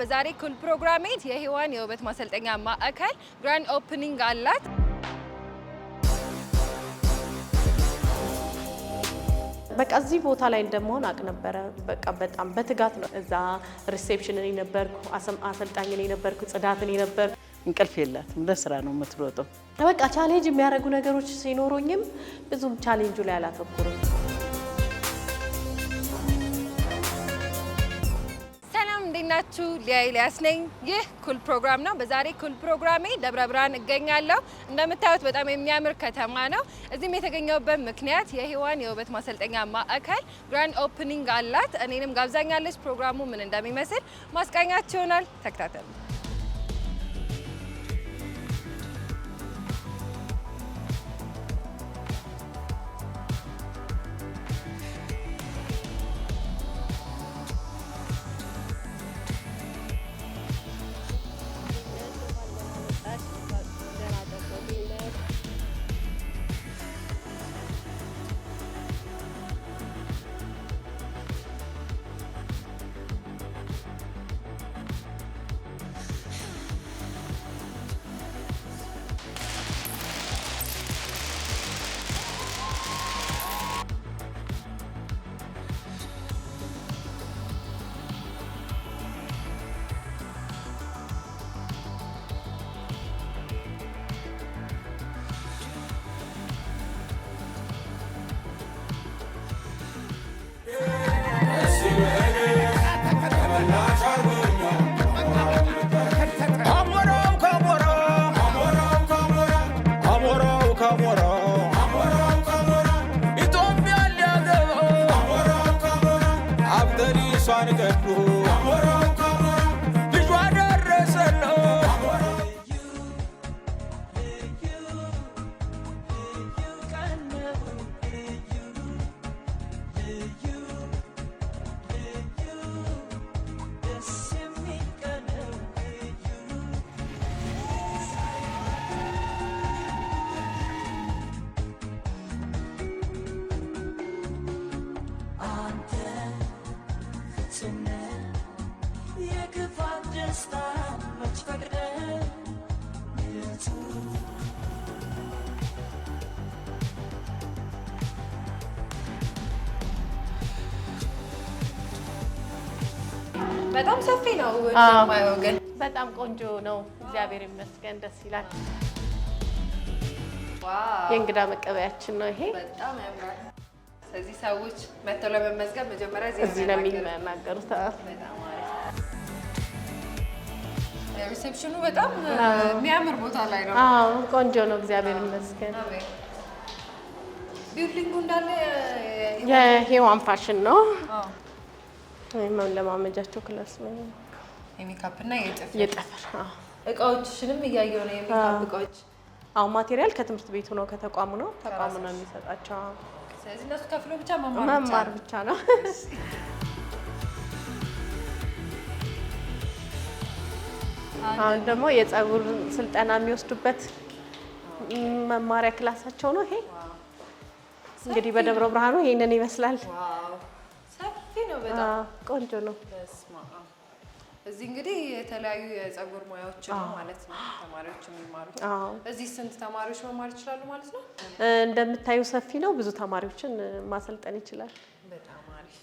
በዛሬ ኩል ፕሮግራሜት የሔዋን የውበት ማሰልጠኛ ማዕከል ግራንድ ኦፕኒንግ አላት። በቃ እዚህ ቦታ ላይ እንደመሆን አቅ ነበረ። በቃ በጣም በትጋት ነው። እዛ ሪሴፕሽን እኔ ነበርኩ፣ አሰልጣኝ እኔ ነበርኩ፣ እንቅልፍ የላትም ለስራ ነው የምትሮጠው። በቃ ቻሌንጅ የሚያደርጉ ነገሮች ሲኖሩኝም ብዙም ቻሌንጁ ላይ አላተኩርም። እንዴት ናችሁ? ሊያ ኤልያስ ነኝ። ይህ ኩል ፕሮግራም ነው። በዛሬ ኩል ፕሮግራሜ ደብረ ብርሃን እገኛለሁ። እንደምታዩት በጣም የሚያምር ከተማ ነው። እዚህም የተገኘሁበት ምክንያት የሔዋን የውበት ማሰልጠኛ ማዕከል ግራንድ ኦፕኒንግ አላት። እኔንም ጋብዛኛለች። ፕሮግራሙ ምን እንደሚመስል ማስቃኛችሁ ይሆናል። ተከታተሉ። በጣም ሰፊ ነው። ግን በጣም ቆንጆ ነው። እግዚአብሔር ይመስገን፣ ደስ ይላል። የእንግዳ መቀበያችን ነው ይሄ። በጣም ያምራል። ስለዚህ ሰዎች መጥተው ለመመዝገብ መጀመሪያ እዚህ ነው የሚናገሩት። ሪሴፕሽኑ በጣም የሚያምር ቦታ ላይ ነው። አዎ ቆንጆ ነው። እግዚአብሔር ይመስገን። ቢልዲንጉ እንዳለ የሄዋን ፋሽን ነው። ወይም ለማመጃቸው ክላስ ነው። የሜካፕ እና የጥፍር እቃዎችንም እያየሁ ነው። የሜካፕ እቃዎች አሁን ማቴሪያል ከትምህርት ቤቱ ነው ከተቋሙ ነው ተቋሙ ነው የሚሰጣቸው። ስለዚህ እነሱ ከፍሎ ብቻ መማር ብቻ ነው። አሁን ደግሞ የጸጉር ስልጠና የሚወስዱበት መማሪያ ክላሳቸው ነው ይሄ። እንግዲህ በደብረ ብርሃኑ ይሄንን ይመስላል። ቆንጆ ነው። እዚህ እንግዲህ የተለያዩ የፀጉር ሙያዎች ነው ማለት ነው ተማሪዎች የሚማሩት። እዚህ ስንት ተማሪዎች መማር ይችላሉ ማለት ነው? እንደምታዩ ሰፊ ነው። ብዙ ተማሪዎችን ማሰልጠን ይችላል። በጣም አሪፍ፣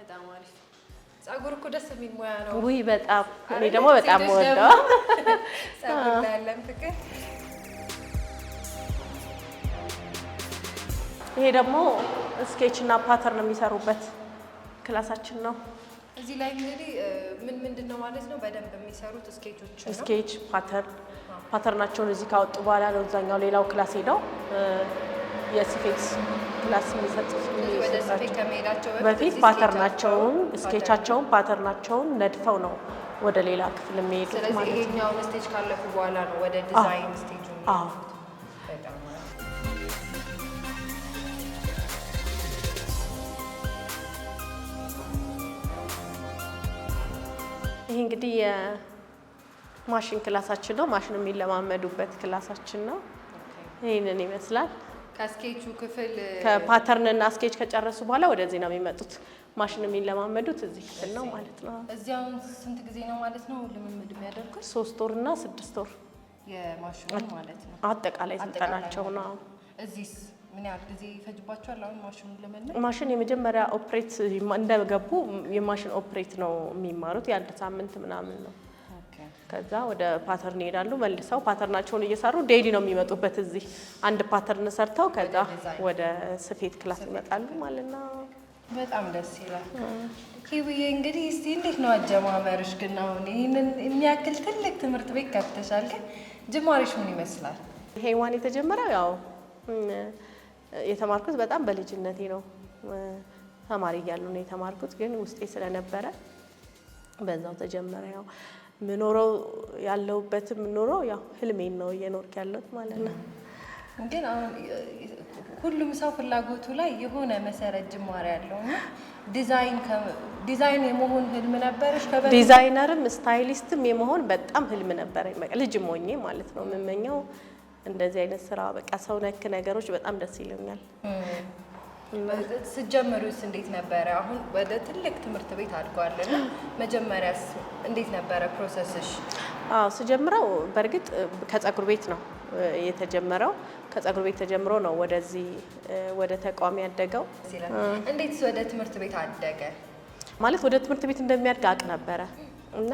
በጣም አሪፍ። እኮ ደስ የሚል ሙያ ነው። ውይ በጣም እኔ ደግሞ በጣም ወደው ያለን ፍቅር። ይሄ ደግሞ ስኬች እና ፓተርን የሚሰሩበት ክላሳችን ነው። እዚህ ላይ እንግዲህ ምን ምንድን ነው ማለት ነው በደንብ የሚሰሩት ስኬቾች ነው። ስኬች ፓተርን ፓተርናቸውን እዚህ ካወጡ በኋላ ነው እዛኛው ሌላው ክላስ ሄደው የስፌት ክላስ የሚሰጥቸው በፊት ፓተርናቸውን ስኬቻቸውን ፓተርናቸውን ነድፈው ነው ወደ ሌላ ክፍል የሚሄዱት ማለት ነው። ስለዚህ ይሄኛው ስቴጅ ካለፉ በኋላ ነው ወደ ዲዛይን ስቴጅ ነው። እንግዲህ የማሽን ክላሳችን ነው። ማሽን የሚለማመዱበት ክላሳችን ነው። ይህንን ይመስላል። ከስኬቹ ክፍል ከፓተርን እና ስኬች ከጨረሱ በኋላ ወደዚህ ነው የሚመጡት። ማሽን የሚለማመዱት እዚህ ክፍል ነው ማለት ነው። እዚያውን ስንት ጊዜ ነው ማለት ነው ልምምድ የሚያደርጉት? ሶስት ወር እና ስድስት ወር የማሽኑ ማለት ነው። አጠቃላይ ስልጠናቸው ነው። እዚህ ምን ያህል ጊዜ ይፈጅባቸዋል? አሁን ማሽን የመጀመሪያ ኦፕሬት እንደገቡ የማሽን ኦፕሬት ነው የሚማሩት። የአንድ ሳምንት ምናምን ነው። ከዛ ወደ ፓተርን ይሄዳሉ። መልሰው ፓተርናቸውን እየሰሩ ዴይሊ ነው የሚመጡበት። እዚህ አንድ ፓተርን ሰርተው ከዛ ወደ ስፌት ክላስ ይመጣሉ ማለት ነው። በጣም ደስ ይላል። ኪውዬ እንግዲህ እስቲ እንዴት ነው አጀማመርሽ? ግን አሁን ይህንን የሚያክል ትልቅ ትምህርት ቤት ከፍተሻል። ግን ጅማሬሽ ምን ይመስላል? ሄዋን የተጀመረው ያው የተማርኩት በጣም በልጅነቴ ነው። ተማሪ እያሉ ነው የተማርኩት፣ ግን ውስጤ ስለነበረ በዛው ተጀመረ። ያው ምኖረው ያለሁበት ምኖረው ያው ህልሜን ነው እየኖርክ ያለሁት ማለት ነው። ግን አሁን ሁሉም ሰው ፍላጎቱ ላይ የሆነ መሰረት ጅማሬ ያለው ዲዛይን የመሆን ህልም ነበረሽ? ዲዛይነርም ስታይሊስትም የመሆን በጣም ህልም ነበረኝ። ልጅ ሞኜ ማለት ነው የምመኘው እንደዚህ አይነት ስራ በቃ ሰው ነክ ነገሮች በጣም ደስ ይለኛል። ስጀምሩስ እንዴት ነበረ? አሁን ወደ ትልቅ ትምህርት ቤት አድጓል እና መጀመሪያስ እንዴት ነበረ ፕሮሰስሽ? አዎ ስጀምረው በእርግጥ ከጸጉር ቤት ነው የተጀመረው። ከጸጉር ቤት ተጀምሮ ነው ወደዚህ ወደ ተቋም ያደገው። እንዴት ወደ ትምህርት ቤት አደገ? ማለት ወደ ትምህርት ቤት እንደሚያድግ አቅ ነበረ እና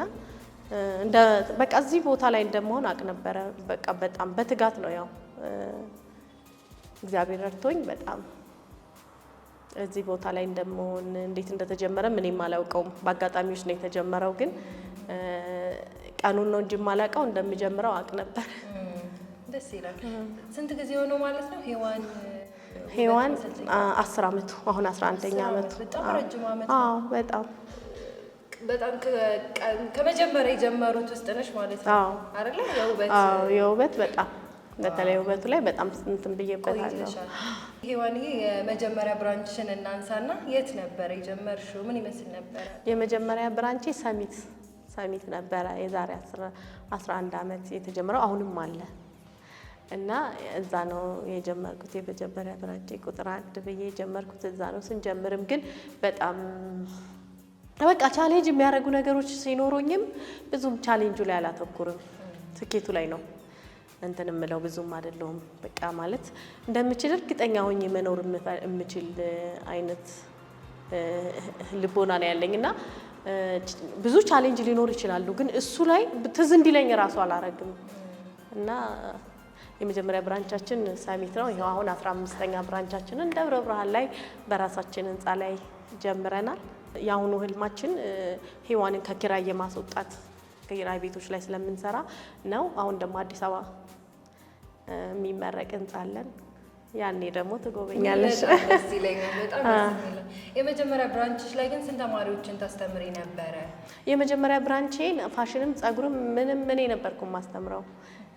በቃ እዚህ ቦታ ላይ እንደመሆን አቅ ነበረ። በቃ በጣም በትጋት ነው ያው እግዚአብሔር ረድቶኝ በጣም እዚህ ቦታ ላይ እንደመሆን እንዴት እንደተጀመረም እኔም አላውቀውም። በአጋጣሚዎች ነው የተጀመረው፣ ግን ቀኑን ነው እንጂ የማላውቀው እንደምጀምረው አቅ ነበር። ደስ ይላል። ስንት ጊዜ ሆኖ ማለት ነው ሔዋን ሔዋን አስር አመቱ አሁን አስራ አንደኛ አመቱ በጣም በጣም ከመጀመሪያ የጀመሩት ውስጥ ነሽ ማለት ነው አይደለ? የውበት የውበት በጣም በተለይ ውበቱ ላይ በጣም እንትን ብዬበታለሁ። ሔዋን የመጀመሪያ ብራንችን እናንሳና የት ነበረ የጀመርሽው? ምን ይመስል ነበረ? የመጀመሪያ ብራንቼ ሰሚት ሰሚት ነበረ። የዛሬ 11 ዓመት የተጀመረው አሁንም አለ እና እዛ ነው የጀመርኩት። የመጀመሪያ ብራንቼ ቁጥር አንድ ብዬ የጀመርኩት እዛ ነው። ስንጀምርም ግን በጣም በቃ ቻሌንጅ የሚያደርጉ ነገሮች ሲኖሩኝም ብዙም ቻሌንጁ ላይ አላተኩርም፣ ስኬቱ ላይ ነው እንትን የምለው ብዙም አይደለሁም። በቃ ማለት እንደምችል እርግጠኛ ሆኜ መኖር የምችል አይነት ልቦና ነው ያለኝ እና ብዙ ቻሌንጅ ሊኖር ይችላሉ፣ ግን እሱ ላይ ትዝ እንዲለኝ ራሱ አላረግም እና የመጀመሪያ ብራንቻችን ሳሚት ነው። ይኸው አሁን አስራ አምስተኛ ብራንቻችንን ደብረ ብርሃን ላይ በራሳችን ህንፃ ላይ ጀምረናል። የአሁኑ ህልማችን ሔዋንን ከኪራይ የማስወጣት ከኪራይ ቤቶች ላይ ስለምንሰራ ነው። አሁን ደግሞ አዲስ አበባ የሚመረቅ ህንፃ አለን። ያኔ ደግሞ ትጎበኛለሽ። የመጀመሪያ ብራንችሽ ላይ ግን ስንት ተማሪዎችን ታስተምሪ ነበረ? የመጀመሪያ ብራንቼን ፋሽንም፣ ጸጉርም ምንም ምን ነበርኩ ማስተምረው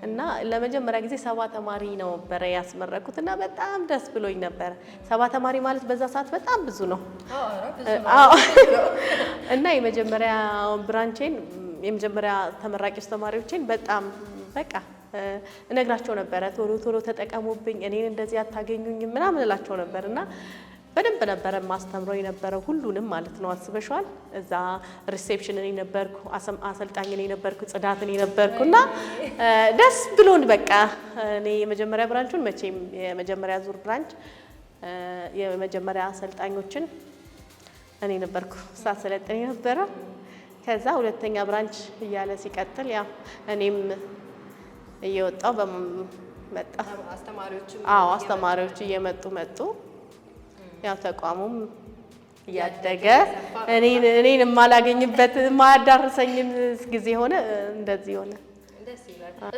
እና ለመጀመሪያ ጊዜ ሰባ ተማሪ ነበረ ያስመረኩት እና በጣም ደስ ብሎኝ ነበረ። ሰባ ተማሪ ማለት በዛ ሰዓት በጣም ብዙ ነው። እና የመጀመሪያ ብራንቼን የመጀመሪያ ተመራቂዎች ተማሪዎችን በጣም በቃ እነግራቸው ነበረ። ቶሎ ቶሎ ተጠቀሙብኝ፣ እኔን እንደዚህ አታገኙኝም ምናምን እላቸው ነበር እና በደንብ ነበረ ማስተምረው የነበረው ሁሉንም ማለት ነው። አስበሸዋል። እዛ ሪሴፕሽን እኔ ነበርኩ፣ አሰልጣኝ እኔ ነበርኩ፣ ጽዳት እኔ ነበርኩ እና ደስ ብሎን በቃ እኔ የመጀመሪያ ብራንቹን መቼም የመጀመሪያ ዙር ብራንች የመጀመሪያ አሰልጣኞችን እኔ ነበርኩ ሳሰለጥን የነበረ ከዛ ሁለተኛ ብራንች እያለ ሲቀጥል ያው እኔም እየወጣው በመጣ አስተማሪዎች እየመጡ መጡ ያው ተቋሙም እያደገ እኔን የማላገኝበት የማያዳርሰኝም ጊዜ ሆነ። እንደዚህ ሆነ።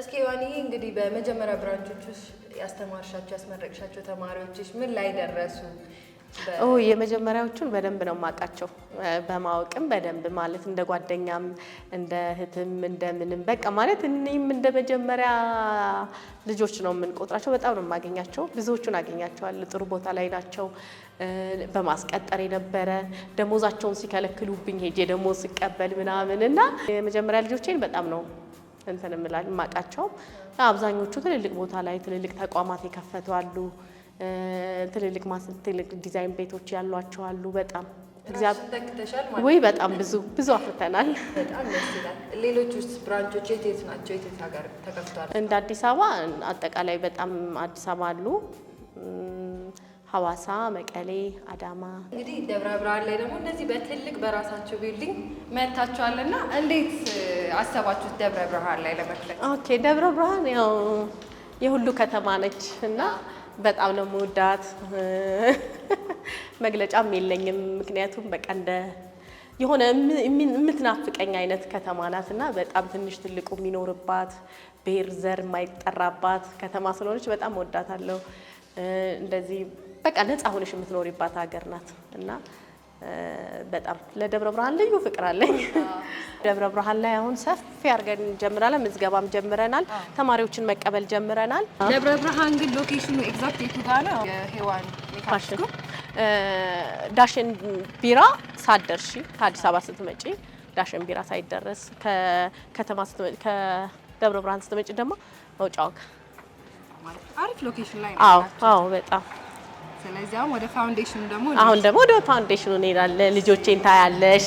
እስኪ ዋኒ እንግዲህ በመጀመሪያ ብራንቾች ውስጥ ያስተማርሻቸው ያስመረቅሻቸው ተማሪዎችሽ ምን ላይ ደረሱ? የመጀመሪያዎቹን በደንብ ነው የማውቃቸው። በማወቅም በደንብ ማለት እንደ ጓደኛም እንደ እህትም እንደ ምንም በቃ ማለት እኔም እንደ መጀመሪያ ልጆች ነው የምንቆጥራቸው። በጣም ነው የማገኛቸው። ብዙዎቹን አገኛቸዋል። ጥሩ ቦታ ላይ ናቸው። በማስቀጠር የነበረ ደሞዛቸውን ሲከለክሉብኝ ሄጄ ደሞዝ ስቀበል ምናምን እና የመጀመሪያ ልጆቼን በጣም ነው እንትን እምላል የማውቃቸው አብዛኞቹ ትልልቅ ቦታ ላይ ትልልቅ ተቋማት የከፈቱ አሉ። ትልልቅ ትልልቅ ዲዛይን ቤቶች ያሏቸው አሉ። በጣም ወይ በጣም ብዙ ብዙ አፍርተናል። ሌሎች ውስጥ ብራንቾች የት የት ናቸው? የት የት ሀገር ተከፍቷል? እንደ አዲስ አበባ አጠቃላይ በጣም አዲስ አበባ አሉ ሀዋሳ መቀሌ፣ አዳማ እንግዲህ ደብረ ብርሃን ላይ ደግሞ እንደዚህ በትልቅ በራሳቸው ቢልዲንግ መጥታችኋልና እንዴት አሰባችሁት ደብረ ብርሃን ላይ ለመክፈት? ኦኬ ደብረ ብርሃን ያው የሁሉ ከተማ ነች እና በጣም ነው መውዳት መግለጫም የለኝም ምክንያቱም በቃ እንደ የሆነ የምትናፍቀኝ አይነት ከተማ ናት እና በጣም ትንሽ ትልቁ የሚኖርባት ብሔር ዘር የማይጠራባት ከተማ ስለሆነች በጣም ወዳታለሁ። እንደዚህ በቃ ነፃ ሆነሽ የምትኖሪባት ሀገር ናት እና በጣም ለደብረ ብርሃን ልዩ ፍቅር አለኝ። ደብረ ብርሃን ላይ አሁን ሰፊ አድርገን ጀምረናል። ምዝገባም ጀምረናል። ተማሪዎችን መቀበል ጀምረናል። ደብረ ብርሃን ግን ሎኬሽኑ ኤግዛክት የቱ ጋ ነው? ፋሽን ዳሽን ቢራ ሳትደርሺ ከአዲስ አበባ ስትመጪ ዳሽን ቢራ ሳይደረስ ከከተማ ከደብረ ብርሃን ስትመጪ ደግሞ መውጫ ወግ አሪፍ ሎኬሽን ላይ ነው። አዎ አዎ በጣም ስለዚህ አሁን ወደ ፋውንዴሽኑ ደግሞ አሁን ደግሞ ወደ ፋውንዴሽኑ እንሄዳለን። ልጆቼን ታያለሽ።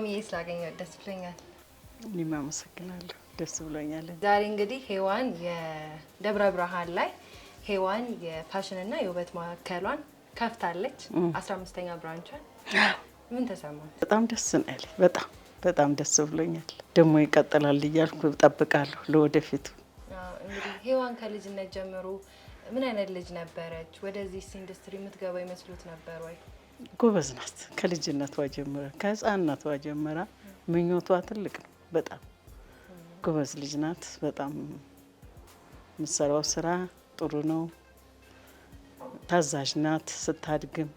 ሀሚዬ ስላገኘሁት ደስ ብሎኛል። እኔም አመሰግናለሁ፣ ደስ ብሎኛል። ዛሬ እንግዲህ የደብረ ብርሃን ላይ ሄዋን የፋሽንና የውበት ማዕከሏን ከፍታለች። አስራ አምስተኛ ብራንቿን ምን ተሰማ? በጣም ደስ ነው ያለኝ። በጣም በጣም ደስ ብሎኛል። ደግሞ ይቀጥላል እያልኩ ለወደፊቱ። እንግዲህ ከልጅነት ጀምሮ ምን አይነት ልጅ ነበረች? ወደዚህ ኢንዱስትሪ የምትገባ ይመስሉት ነበር ወይ? ጎበዝ ናት። ከልጅነቷ ጀምራ ከህፃንነቷ ጀምራ ምኞቷ ትልቅ ነው። በጣም ጎበዝ ልጅ ናት። በጣም የምትሰራው ስራ ጥሩ ነው። ታዛዥ ናት። ስታድግም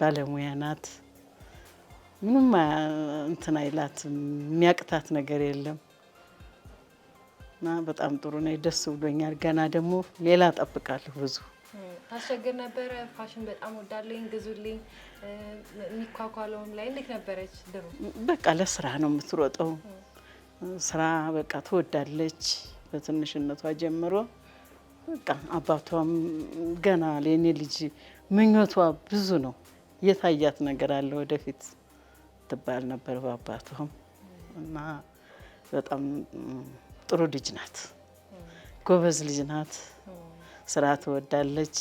ባለሙያ ናት። ምንም እንትን አይላት የሚያቅታት ነገር የለም እና በጣም ጥሩ ነው። ደስ ብሎኛል። ገና ደግሞ ሌላ ጠብቃለሁ ብዙ ታስቸግር ነበረ። ፋሽን በጣም ወዳለኝ ግዙልኝ የሚኳኳለውም ላይ እንዴት ነበረች ድሮ? በቃ ለስራ ነው የምትሮጠው። ስራ በቃ ትወዳለች። በትንሽነቷ ጀምሮ በቃ አባቷም ገና ለእኔ ልጅ ምኞቷ ብዙ ነው የታያት ነገር አለ ወደፊት ትባል ነበር በአባቷም እና በጣም ጥሩ ልጅ ናት፣ ጎበዝ ልጅ ናት። ስራ ትወዳለች።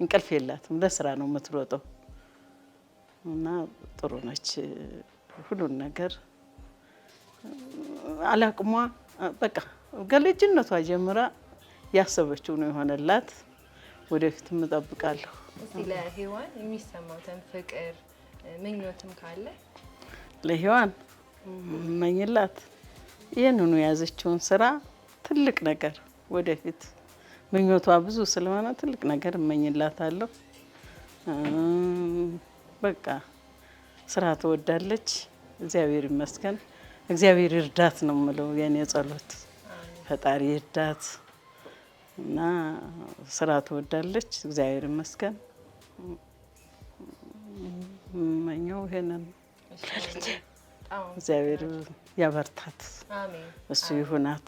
እንቅልፍ የላትም፣ ለስራ ነው የምትሮጠው እና ጥሩ ነች። ሁሉን ነገር አላቅሟ በቃ ከልጅነቷ ጀምራ ያሰበችው ነው የሆነላት። ወደፊት እምጠብቃለሁ። ለህዋን ለሔዋን የሚሰማትን ፍቅር ምኞትም ካለ ለሔዋን መኝላት ይህንኑ የያዘችውን ስራ ትልቅ ነገር ወደፊት ምኞቷ ብዙ ስለሆነ ትልቅ ነገር እመኝላታለሁ። በቃ ስራ ትወዳለች። እግዚአብሔር ይመስገን። እግዚአብሔር እርዳት ነው የምለው የኔ ጸሎት፣ ፈጣሪ እርዳት እና ስራ ትወዳለች። እግዚአብሔር ይመስገን። መኘው ይሄንን እግዚአብሔር ያበርታት፣ እሱ ይሁናት።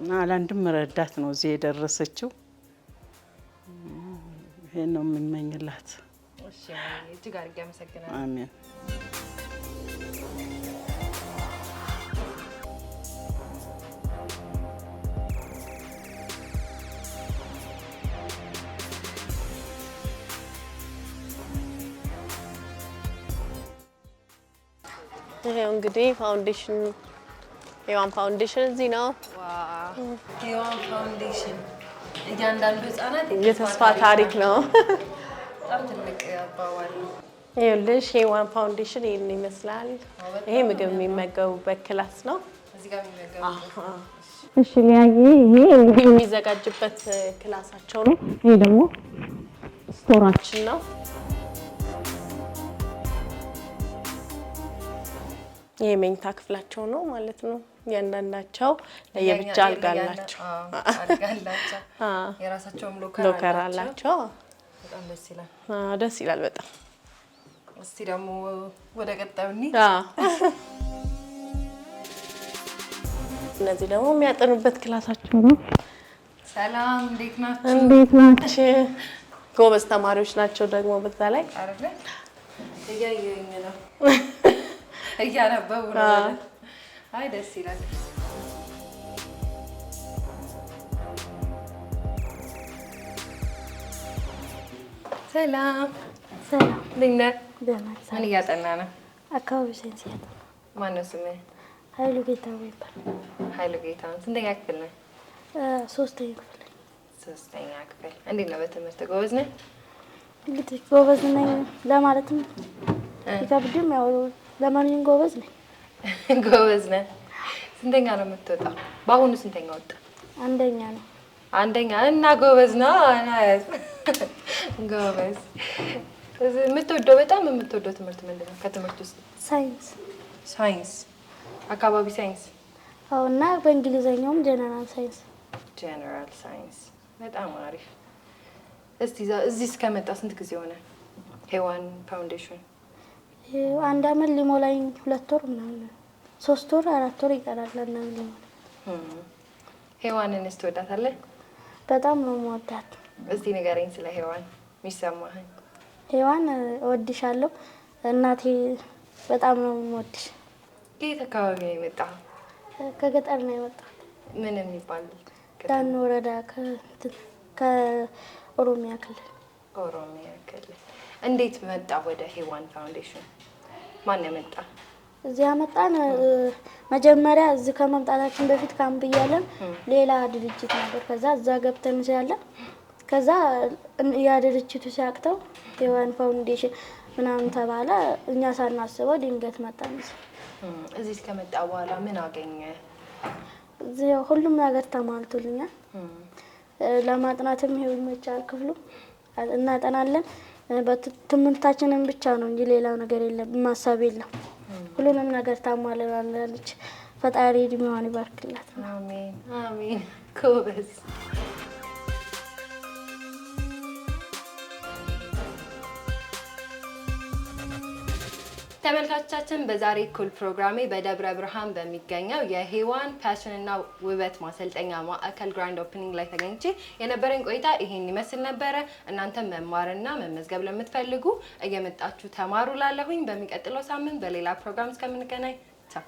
እና አላንድም ረዳት ነው እዚህ የደረሰችው። ይሄን ነው የምመኝላት። እጅግ አድርጌ አመሰግናለሁ። አሜን። ይሄው እንግዲህ ፋውንዴሽን የዋን ፋውንዴሽን እዚህ ነው። ሄዋን ፋውንዴሽን እያንዳንዱ ህጻናት የተስፋ ታሪክ ነው። በጣም ትልቅ አባባል ነው። ይኸውልሽ ሄዋን ፋውንዴሽን ይህን ይመስላል። ይሄ ምግብ የሚመገቡበት ክላስ ነው። እሺ ይሄ የሚዘጋጅበት ክላሳቸው ነው። ይሄ ደግሞ ስቶራችን ነው። ይሄ መኝታ ክፍላቸው ነው ማለት ነው። ያንዳንዳቸው ለየብቻ አልጋ አላቸው፣ የራሳቸውም ሎከር አላቸው። በጣም ደስ ይላል። ደስ ይላል በጣም። እስቲ ደግሞ ወደ ቀጣዩ እነዚህ ደግሞ የሚያጠኑበት ክላሳቸው ነው። ሰላም፣ እንዴት ናችሁ? እንዴት ናችሁ? ጎበዝ ተማሪዎች ናቸው። ደግሞ በዛ ላይ እያየኝ ነው፣ እያነበቡ ነው አይ ደስ ይላል። ሰላም ሰላም፣ እንዴት ነህ? ምን እያጠና ነው? አካባቢ ሳይንስ እያጠና። ማነው ስምህ? ኃይሉ ጌታ ይባላል። ኃይሉ ጌታ። ስንተኛ ክፍል ነህ? ሶስተኛ ክፍል። ሶስተኛ ክፍል። እንዴት ነው በትምህርት ጎበዝ ነህ? እንግዲህ ጎበዝ ነኝ ለማለትም ይከብድም፣ ያው ለማንኛውም ጎበዝ ነኝ። ጎበዝ ነህ። ስንተኛ ነው የምትወጣው? በአሁኑ ስንተኛ ወጣ? አንደኛ ነው። አንደኛ እና ጎበዝ ነው። ጎበዝ። የምትወደው በጣም የምትወደው ትምህርት ምንድን ነው? ከትምህርት ውስጥ ሳይንስ። ሳይንስ፣ አካባቢ ሳይንስ። አዎ። እና በእንግሊዘኛውም ጀነራል ሳይንስ። ጀነራል ሳይንስ። በጣም አሪፍ። እስቲ እዚህ እስከመጣ ስንት ጊዜ ሆነ? ሄዋን ፋውንዴሽን አንድ አመት ሊሞላኝ ሁለት ወር ምናምን ሶስት ወር አራት ወር ይቀራል ለእናም ሊሞላ። ሔዋንን ስትወዳታለህ? በጣም ነው የምወዳት። እስቲ ንገረኝ ስለ ሄዋን የሚሰማህን። ሄዋን እወድሻለሁ እናቴ፣ በጣም ነው የምወድሽ። ከየት አካባቢ ነው የመጣ? ከገጠር ነው የመጣ። ምን የሚባል? ዳን ወረዳ ከኦሮሚያ ክልል። ኦሮሚያ ክልል። እንዴት መጣ ወደ ሄዋን ፋውንዴሽን? ማን ያመጣ? እዚህ ያመጣን መጀመሪያ እዚህ ከመምጣታችን በፊት ካምፕ እያለን ሌላ ድርጅት ነበር። ከዛ እዛ ገብተን ሲያለን ከዛ ያ ድርጅቱ ሲያቅተው የዋን ፋውንዴሽን ምናምን ተባለ። እኛ ሳናስበው ድንገት መጣ። እዚህ ከመጣ በኋላ ምን አገኘ? እዚህ ሁሉም ነገር ተሟልቶልኛል። ለማጥናትም ይሄው ይመቻል። ክፍሉ እናጠናለን። ትምህርታችንን ብቻ ነው እንጂ ሌላ ነገር የለም፣ ማሳብ የለም። ሁሉንም ነገር ታሟላለች። ፈጣሪ እድሜዋን ይባርክላት። አሜን አሜን። ተመልካቾቻችን በዛሬ ኩል ፕሮግራሜ በደብረ ብርሃን በሚገኘው የሔዋን ፋሽንና ውበት ማሰልጠኛ ማዕከል ግራንድ ኦፕኒንግ ላይ ተገኝቼ የነበረኝ ቆይታ ይሄን ይመስል ነበረ። እናንተም መማርና መመዝገብ ለምትፈልጉ እየመጣችሁ ተማሩ ላለሁኝ። በሚቀጥለው ሳምንት በሌላ ፕሮግራም እስከምንገናኝ ቻው።